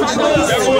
Koçlar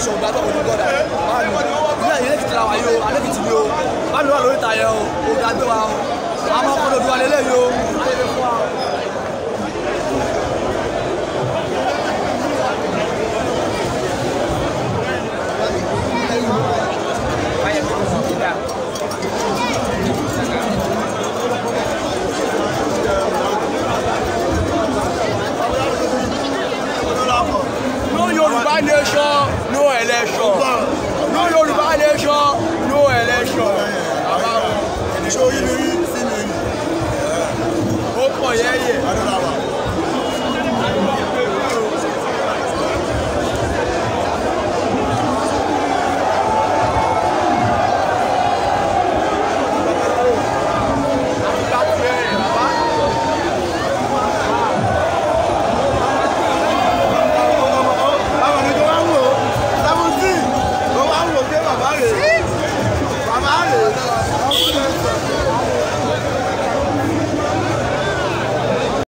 ẹ̀ṣọ́ ògbà tó kọjú gọ́dà báàlù ní ẹ̀yìn lẹ́kìtì la wà yìí o alẹ́kìtì ni o báàlù wà lórí ìta yẹn o ògbà gbé wa o àwọn ọkọ̀ lòdù wa lélẹ́yìí o alẹ́ fún wa o. Yorùbá nation. election. No Yoruba